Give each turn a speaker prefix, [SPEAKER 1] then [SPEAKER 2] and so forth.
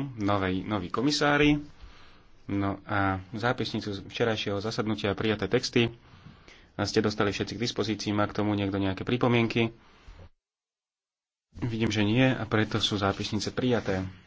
[SPEAKER 1] novej, noví komisári. No a zápisnicu včerajšieho zasadnutia a prijaté texty a ste dostali všetci k dispozícii. Má k tomu niekto nejaké pripomienky? Vidím, že nie a preto sú zápisnice prijaté.